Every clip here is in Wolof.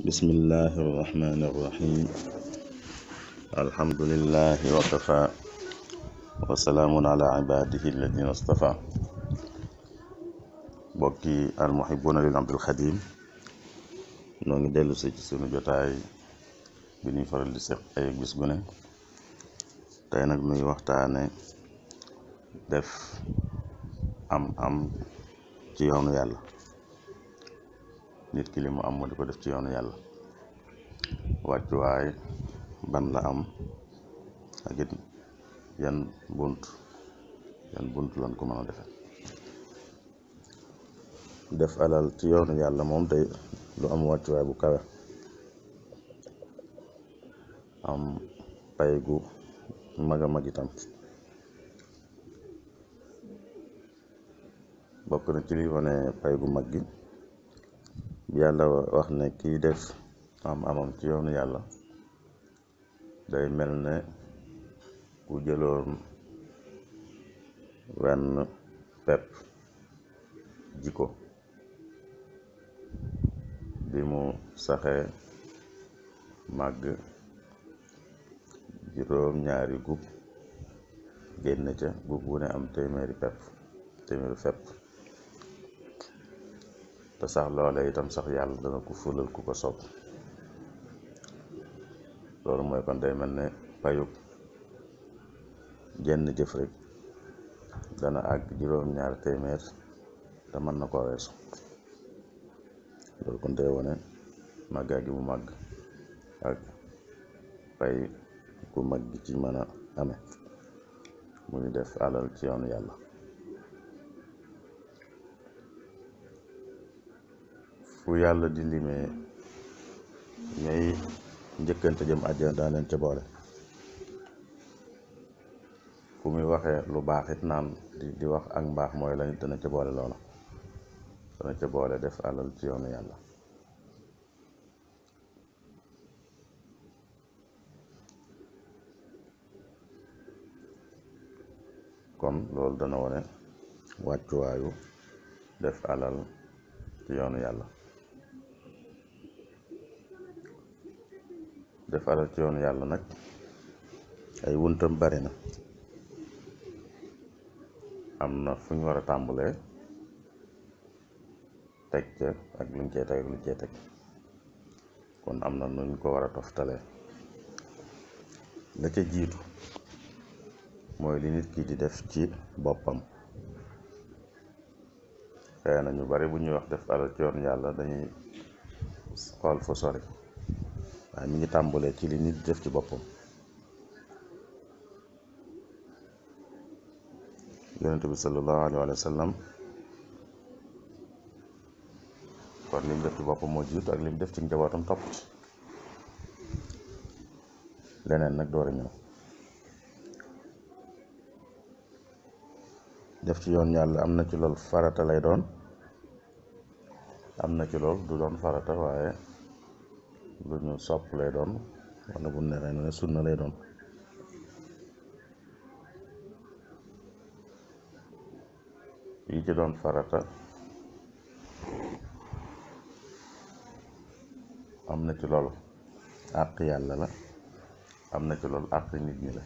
bismillahi irrahmani irrahim alhamdulilahi wakafa wasalaamun ala ibadihi alladina astafa bokki almuhibuna lil abdul xadim noo ngi dellusi ci sunu jotaay bi ñuy faral di seq ay bis gu ne tey nag nuy waxtaane def am am ci yoonu yàlla nit ki mu am mu def ci yoonu yàlla wàccuwaay ban la am ak it yan bunt yan bunt lan ko mën a def alal ci yoonu yàlla moom tey lu am wàccuwaay bu kawe am pay gu mag a mag na ci li pay gu mag gi yàlla wax ne kiy def am amam ci yoonu yàlla day mel ne ku jëloon wenn pepp ji ko bi mu saxee màgg juróom ñaari gub génn ca gub wu ne am téeméeri pepp téeméeri fepp te sax loola itam sax yàlla dana ko fulal ku ko sopp loolu mooy kon day mel ne payub jenn jëf rek dana àgg juróom-ñaar téeméer te mën na koo weesu loolu kon day wone màggaa gi mu màgg ak pay ku màgg ci mën a ame muy def alal ci yoonu yàlla ku yàlla di limee ñay njëkkante jëm àjjana daa leen ca boole ku muy waxee lu baax it naan di wax ak mbaax mooy lañu dana ca boole loola dana ca boole def alal ci yoonu yàlla kon loolu dana wone wàccuwaayu def alal ci yoonu yàlla def alal ci yoonu yàlla nag ay wuntam bari na am na fu ñu war a tàmbalee teg ca ak luñ cee teg ak luñ teg kon am na nuñ ko war a toftalee la ca jiitu mooy li nit ki di def ci boppam xëy na ñu bari bu ñuy wax def alal ci yoon yàlla dañuy xool fu sori mi ngi tàmbalee ci li nit def ci boppam yonent bi sallallahu alayhi wa sallam kon li def ci boppam moo jiitu ak li def ci njabootam topp ci leneen nag door a ñëw def ci yoon yàlla am na ci lool farata lay doon am na ci lool du doon farata waaye lu ñu sopp lay doon wala bu neexee ne sunna lay doon yi ci doon farata am na ci lool àq yàlla la am na ci loolu àq nit ñi la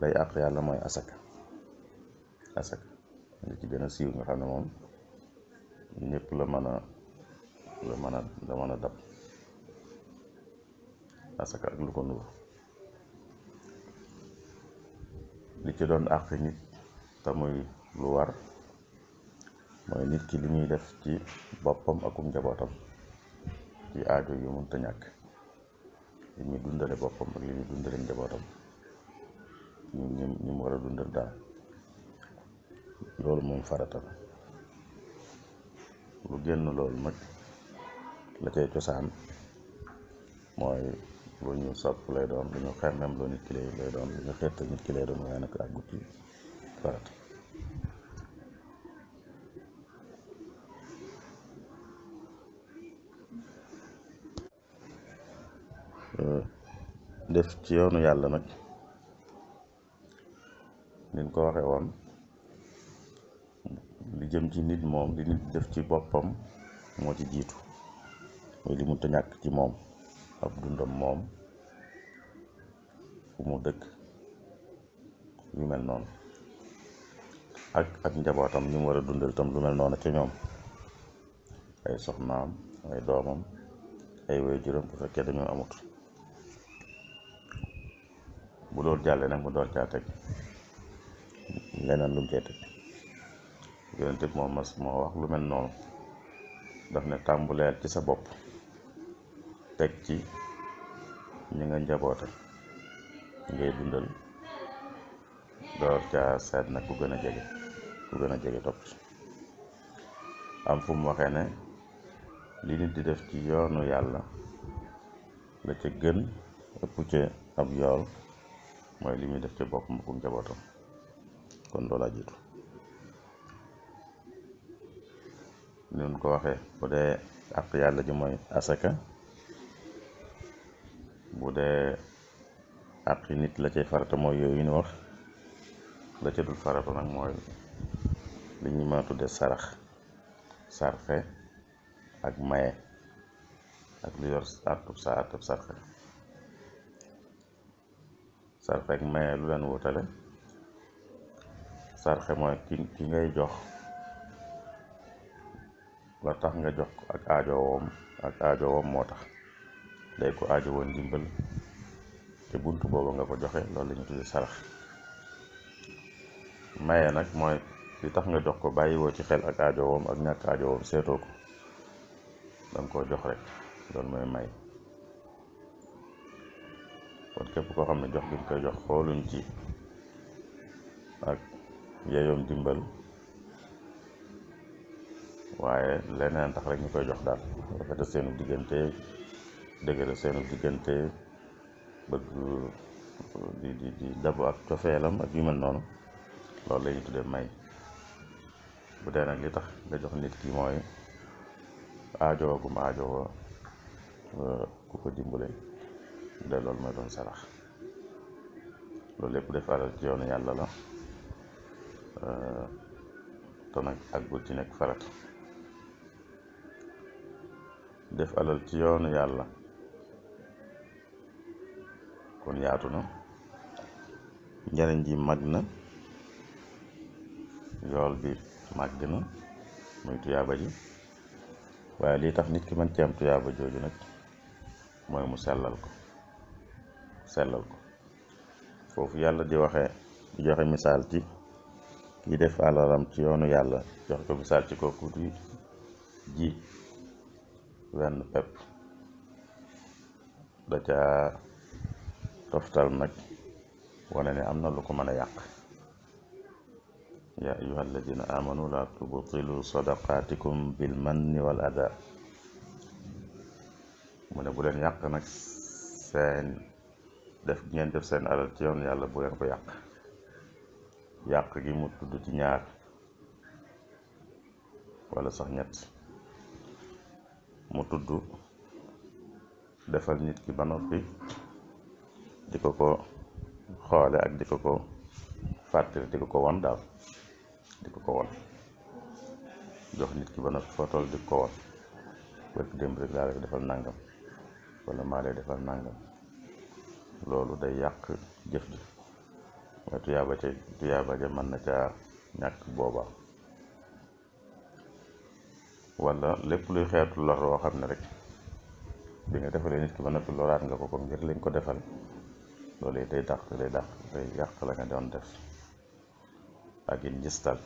day àq yàlla mooy asaka asaka li ci gën a siiw nga xam ne moom ñëpp la mën a la mën a mën a dab a saka ak lu ko nuru li ci doon àq nit te muy lu war mooy nit ki li muy def ci boppam akum njabootam ci aajo yu ta ñàkk li muy dundale boppam ak li muy dundale njabootam ñu ñu ñu mu war a dundal daal loolu moom farata la lu génn loolu nag la cay cosaan mooy loolu ñu sopp lay doon lu ñu xemmem loo nit ki lay doon lu ñu xeet nit ki waaye nag àggut ci def ci yoonu yàlla nag niñ ko waxee woon li jëm ci nit moom li nit def ci boppam moo ci jiitu mooy li mënta ñàkk ci moom ab dundam moom fu mu dëkk yu mel noonu ak ak njabootam ñu mu war a dundal tam lu mel noonu ci ñoom ay soxnaam ay doomam ay waajuram bu fekkee dañoo amut bu loolu jàllee nag mu door caa teg leneen lu mu cee teg yonent bi moom mas moo wax lu mel noonu daf ne tàmbuleel ci sa bopp teg ci ñi nga njaboote ngay dundal door caa seet nag ku gën a jege ku gën a jege topp am fu mu ne li nit di def ci yoonu yàlla la ca gën ëpp ca ab yool mooy li muy def ci bopp mbokkum njabootam kon loolaa jiitu ko waxee bu dee àq yàlla ji mooy asaka bu dee àq nit la cay farata mooy yooyu ñu wax la ca dul farata mooy li ñu mën a tudde sarax sarxe ak maye ak lu yor àttub sa àttub ak maye lu leen wutale sarxe mooy ki ki ngay jox la tax nga jox ak aajowoom ak aajowoom moo tax day ko ajo woon ndimbal te buntu boobu nga ko joxe loolu la ñu tuddee sarax maye nag mooy li tax nga jox ko bàyyiwoo ci xel ak aajo woom ak ñàkk aajo woom seetoo ko danga koo jox rek loolu mooy may kon képp koo xam ne jox gi koy jox xooluñ ci ak yeyoom dimbal waaye leneen tax rek ñu koy jox daal rafetal seenu diggante dëgëral seenu diggante bëgg di di di dabu ak cofeelam ak yu noonu loolu la tuddee may bu dee nag li tax nga jox nit ki mooy aajowoo gum aajowoo euh, ku ko dimbale bu dee loolu mooy doon sarax loolu lépp def alal ci yoonu yàlla la euh, te nag ak bu ci nekk farat def alal ci yoonu yàlla kon yaatu na njariñ ji mag na yool bi màgg na muy tuyaaba ji waaye lii tax nit ki mën ci am tuyaaba jooju nag mooy mu sellal ko sellal ko foofu yàlla di waxe joxe misaal ci ki def alalam ci yoonu yàlla joxe ko misaal ci kooku di ji wenn pepp da toftal nak wane ne am yak. lu ya ayuha alladina amanu la tubtilu sadaqatikum bil manni wal ada mune bu len yak nak sen def ngeen def sen alal ci yoon yalla bu len ko yak yak gi mu tuddu ci ñaar wala sax ñet mu tuddu defal nit ki ba noppi di ko ko xoole ak di ko ko fàttali di ko ko won daal di ko ko won jox nit ki ba noppi foo toll di ko won wékk démb rek laa lay defal nangam wala maa lay defal nangam loolu day yàq jëf ji waaye tuyaaba ca tuyaaba na caa ñàkk boobaa wala lépp luy xeetu lor woo xam ne rek bi nga defalee nit ki ba noppi loraat nga ko ko ngir liñ ko defal loolee day dàq day dàq day yàq la nga doon def ak it ngistal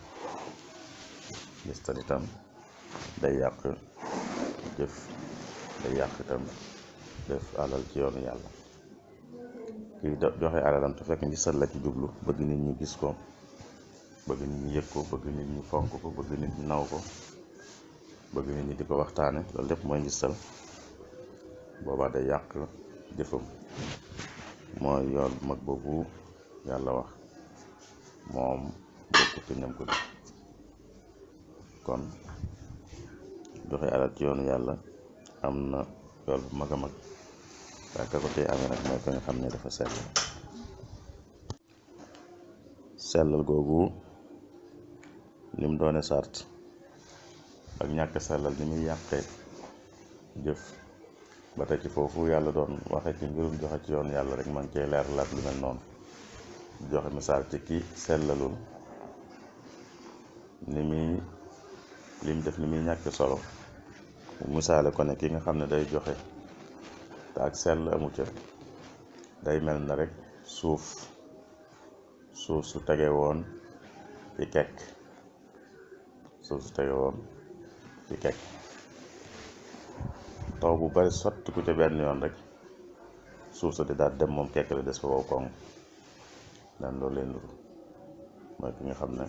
ngistal itam day yàq jëf day yàq itam def alal ci yoonu yàlla kiy joxe alalam te fekk ngistal la ci jublu bëgg nit ñu gis ko bëgg nit ñi yëg ko bëgg nit ñi fonk ko bëgg nit ñi naw ko bëgg nit ñi di ko waxtaane loolu lépp mooy ngistal boobaa day yàq jëfam mooy yool bu mag boobu yàlla wax moom bokku ci ñam ko def kon joxe alal ci yoonu yàlla am na yool bu mag mag waaye ka ko amee nag mooy ka nga xam ne dafa sell sellal googu lim doone sart ak ñàkk sellal ni muy yàqee jëf ba ci foofu yàlla doon waxee ci mbirum joxe ci yoon yàlla rek man cee leer laat lu mel noonu joxe misaal ci ki sellalul ni mi lim def ni muy ñàkk solo misaale ko ne ki nga xam ne day joxe te ak sell amu ca day mel na rek suuf suuf su tegee woon ci kekk suuf su tege woon ci kekk taw bu bari sotti ku ca benn yoon rek suuf sa di daal dem moom kekk kekkale des fa wow koŋ daan loolu leen nuru mooy ki nga xam ne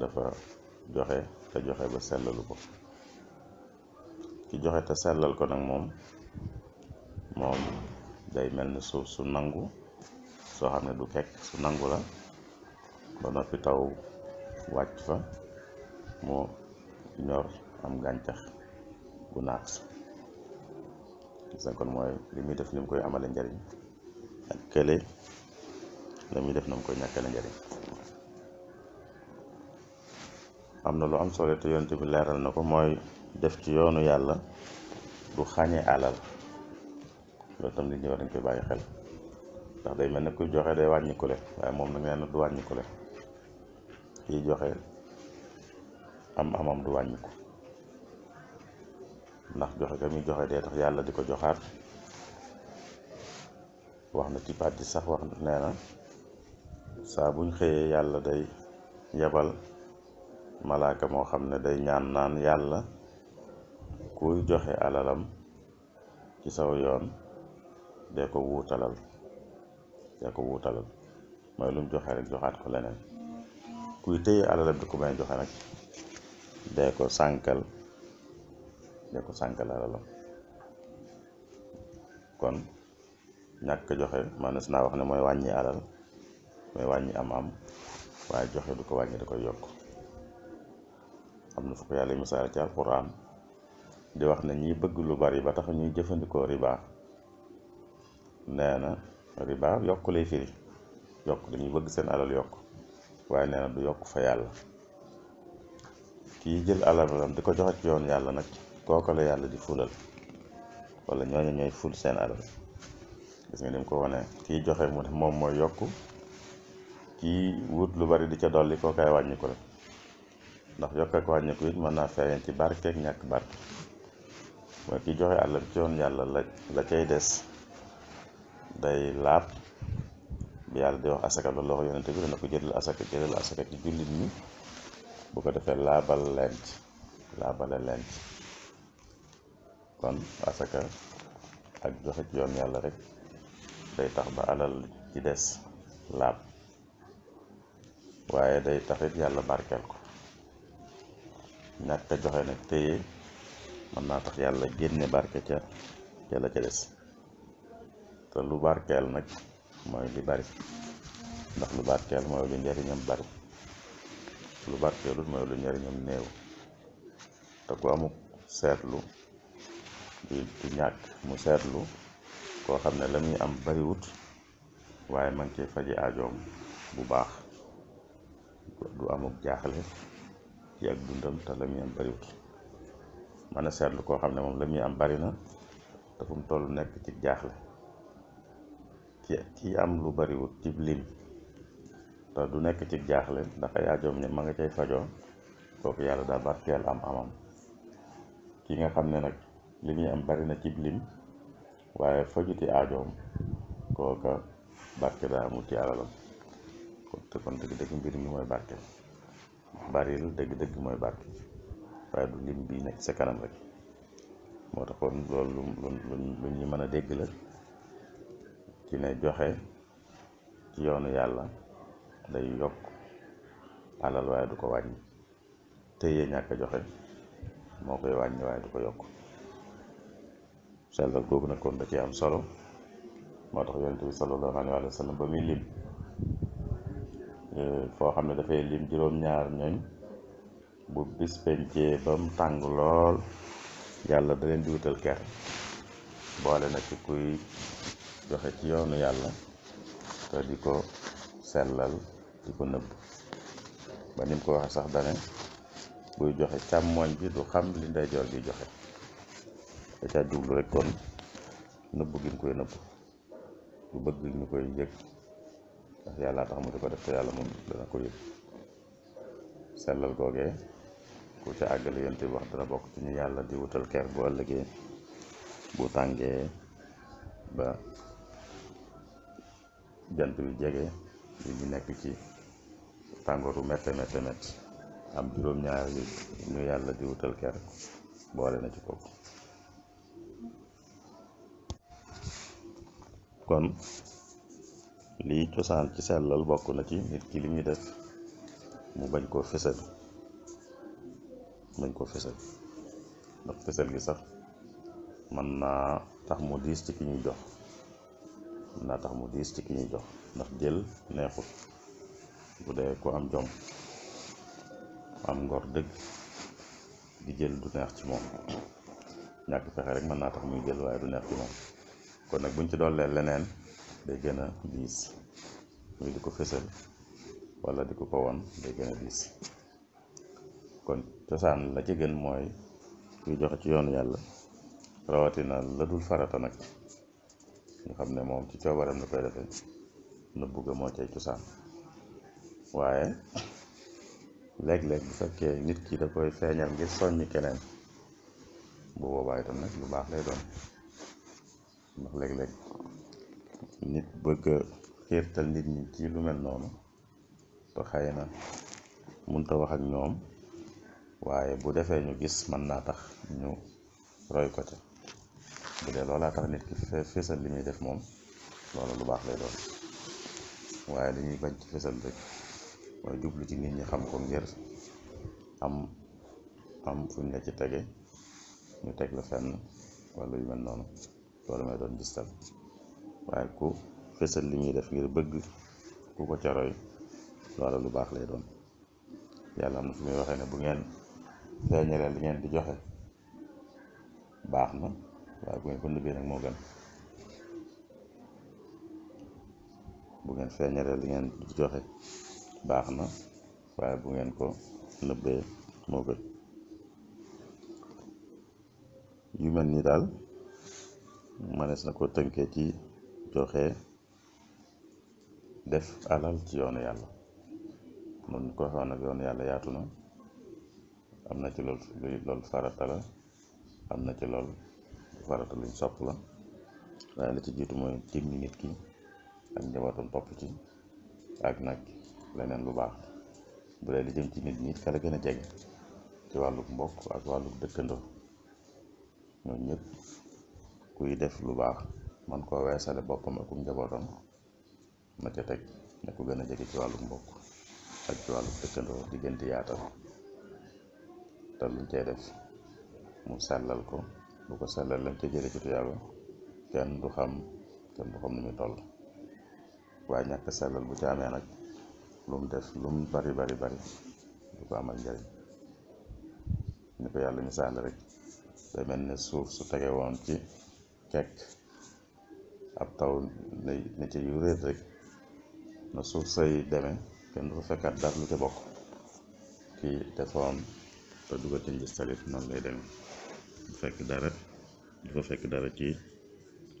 dafa joxe te joxe ba sellalu ko ki joxe te sellal ko nag moom moom day mel ni suuf su nangu soo xam ne du kekk su nangu la ba noppi taw wàcc fa mu ñor am gàncax bu naat gis nga kon mooy li muy def ni mu koy amale njariñ ak kële la muy def na mu koy ñàkkale njariñ am na lu am solo te yonent bi leeral na ko mooy def ci yoonu yàlla du xàññee alal loolu tam nit ñi war nañ koy bàyyi xel ndax day mel ne kuy joxe day wàññikule waaye moom nag nee na du wàññikule kiy joxe am amam du wàññiku ndax joxe ga muy joxe dee tax yàlla di ko joxaat wax na ci baat sax wax nee na saa buñ xëyee yàlla day yebal malaaka moo xam ne day ñaan naan yàlla kuy joxe alalam ci saw yoon de ko wuutalal dee ko wuutalal mooy lu mu joxe rek joxaat ko leneen kuy téye alalam di ko may joxe nag dee ko sànkal da ko sànkal alalam kon ñàkk joxe maanaam naa wax ne mooy wàññi alal mooy wàññi am-am waaye joxe du ko wàññi da koy yokk am na fu ko yàlla misaal ci alquran di wax ne ñiy bëgg lu bari ba tax ñuy jëfandikoo riba nee na riba yokk lay firi yokk dañuy bëgg seen alal yokk waaye nee du yokk fa yàlla kii jël alalam di ko joxe ci yoon yàlla nag. kooka yàlla di fulal wala ñooñu ñooy ful seen alal gis nga ni ko wane kii joxe mu ne moom mooy yokk kii wut lu bari di ca dolli kookaay wàññi la ndax yokk ak wàññi ko mën naa feeñee ci barke ñàkk barke mooy kii joxe alal ci yoon yàlla la la cay des day laab bi yàlla di wax asaka loolu la ko yonente bi dana ko jëlal asaka jëlal asaka ci jullit ñi bu ko defee laabal leen ci laabale leen kon asaka ak joxe ci yoon yàlla rek day tax ba alal ci dess lab waye day taxit yalla barkel ko nak ta joxe nak teye man na tax yalla genné barke ca ca la ca dess te lu barkel nak moy li bari ndax lu barkeel mooy lu ñam bari lu barkeelul moy lu ñam neew te ko amuk setlu di ñàkk mu sétlu ko xamné lamuy am bari wut waye man ci faji aajoom bu baax du amuk jaaxle ci ak dundam ta lamuy am bari wut a sétlu ko xamné mom lamuy am bari na da fu tollu nek ci jaaxle ki ki am lu bariwut ci lim ta du nek ci jaaxle ndax ay aajoom ne ma nga cay fajoo kooku yalla da barkel am amam ki nga xam nak li ñuy am bari na cib lim waaye fajuti aajoom kooka barke daa amul ci alalam te kon dëgg-dëgg mbir mi mooy barke baril dëgg-dëgg mooy barke waaye du lim bi nekk sa kanam rek moo taxoon loolu lu lu mën a dégg la ci ne joxe ci yoonu yàlla day yokk alal waaye du ko wàññi téye ñàkk a joxe moo koy wàññi waaye du ko yokk sellal googu nag kon da ci am solo moo tax yonent bi sallallahu alayhi wa sallam ba muy lim eh, foo xam ne dafay lim juróom-ñaar ñooñ bu bis pencee ba mu tàng lool yàlla da leen di wutal ker boole nag ci kuy joxe ci yoonu yàlla te di ko sellal di ko nëbb ba ni ko waxee sax dane buy joxe càmmoñ bi du xam li ndeyjoor bi joxe da caa jublu rek nëbbu gi mu koy nëbbu lu bëgg ñu koy yëg ndax yàlla tax mu di ko def te yàlla moom dana ko yëg sellal googee ku ca àggale yonte bi wax dana bokk ci ñu yàlla di wutal ker bu ëllëgee tàngee ba jant jege li nekk ci tàngooru mette mette mett yàlla di boole na ci kooku kon lii cosaan ci sellal bokk na ci nit ki li muy def mu bañ koo fësal bañ koo fësal ndax fësal gi sax man naa tax mu diis ci ki ñuy jox tax mu diis ci ki ñuy jox ndax jël neexut bu dee ku am jom am ngor dëgg di jël du neex ci moom ñàkk fexe rek mën naa tax muy jël waaye du neex ci moom kon nag buñ ci dollee leneen day gën a diis muy di ko fësal wala di ko ko woon day gën a diis kon cosaan la ci gën mooy kuy joxe ci yoonu yàlla rawatina la dul farata nag ñu xam ne moom ci coobareem la koy defee nu bugg moo cay cosaan waaye léeg-léeg bu fekkee nit ki da koy feeñal ngir soññ keneen bu boobaa itam nag lu baax lay doon ndax léeg-léeg nit bëgg xiirtal nit ñi ci lu mel noonu te xëy na mënut wax ak ñoom waaye bu defee ñu gis man naa tax ñu roy ko ca bu dee loolaa tax nit ki fésal li muy def moom loolu lu baax lay doon waaye li ñuy bañ ci fésal rek mooy jublu ci nit ñi xam ko ngir am am fuñ la ci tege ñu teg la fenn wala yu mel noonu. loolu mooy doon ngistal waaye ku fësal li ñuy def ngir bëgg ku ko ca roy lu baax lay doon yàlla am na fu muy waxee ne bu ngeen feeñalee ngeen di joxe baax na waaye bu ngeen ko nëbbee ngeen joxe baax na waaye bu ngeen ko nëbbee moo gën yu mel nii daal mënees na ko tënkee ci joxe def alal ci yoonu yàlla noonu ko waxoon nag yoonu yàlla yaatu na am na ci lool loolu farata am na ci lool farata luñ sopp la waaye la ci jiitu mooy jëmmi nit ki ak njabootam topp ci ak nag leneen lu baax bu dee li jëm ci nit ñi it kala gën a jege ci wàlluk mbokk ak wàlluk dëkkandoo ñooñu ñëpp kuy def lu baax man ko weesale boppam akum njabootam ma ca teg ne ko gën a jege ci wàllu mbokk ak ci wàllu dëkkandoo diggante yaatal te luñ cay def mu sellal ko bu ko sellal lañ ca jëre ci tuyaaba kenn du xam kenn du xam ni toll waaye ñàkk sellal bu ca amee nag lu mu def lu mu bari bari bari du ko amal njariñ ni ko yàlla misaale rek day mel ne suuf su tege woon ci fekk ab taw na ci yu rek na suuf say demee kenn du fa fekkaat dara lu ca bokk kii defoon te dugal ci njistalit noonu lay demee du fekk dara du fa fekk dara ci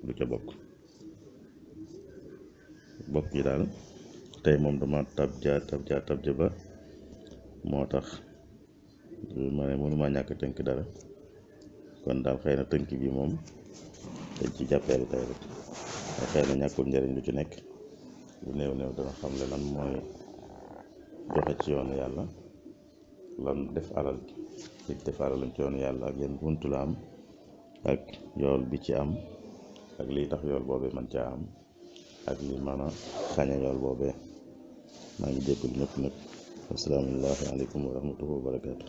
lu ca bokk bokk yi daal tey moom dama tabja tabja ba moo tax ma ne mënuma ñàkk tënk dara kon daal xëy na tënk bi moom dañ ci jàppeelu tey rek ay xëy na ñàkkul njëriñ lu ci nekk lu néew néew dana xam le lan mooy joxe ci yoon yàlla lan def alal ci def alalam ci yoon yàlla ak yéen buntu la am ak yool bi ci am ak lii tax yool boobee man caa am ak lii mën a xaña yool boobee maa ngi jéggul ñëpp nag asalaamaaleykum wa rahmatulah wa barakaatu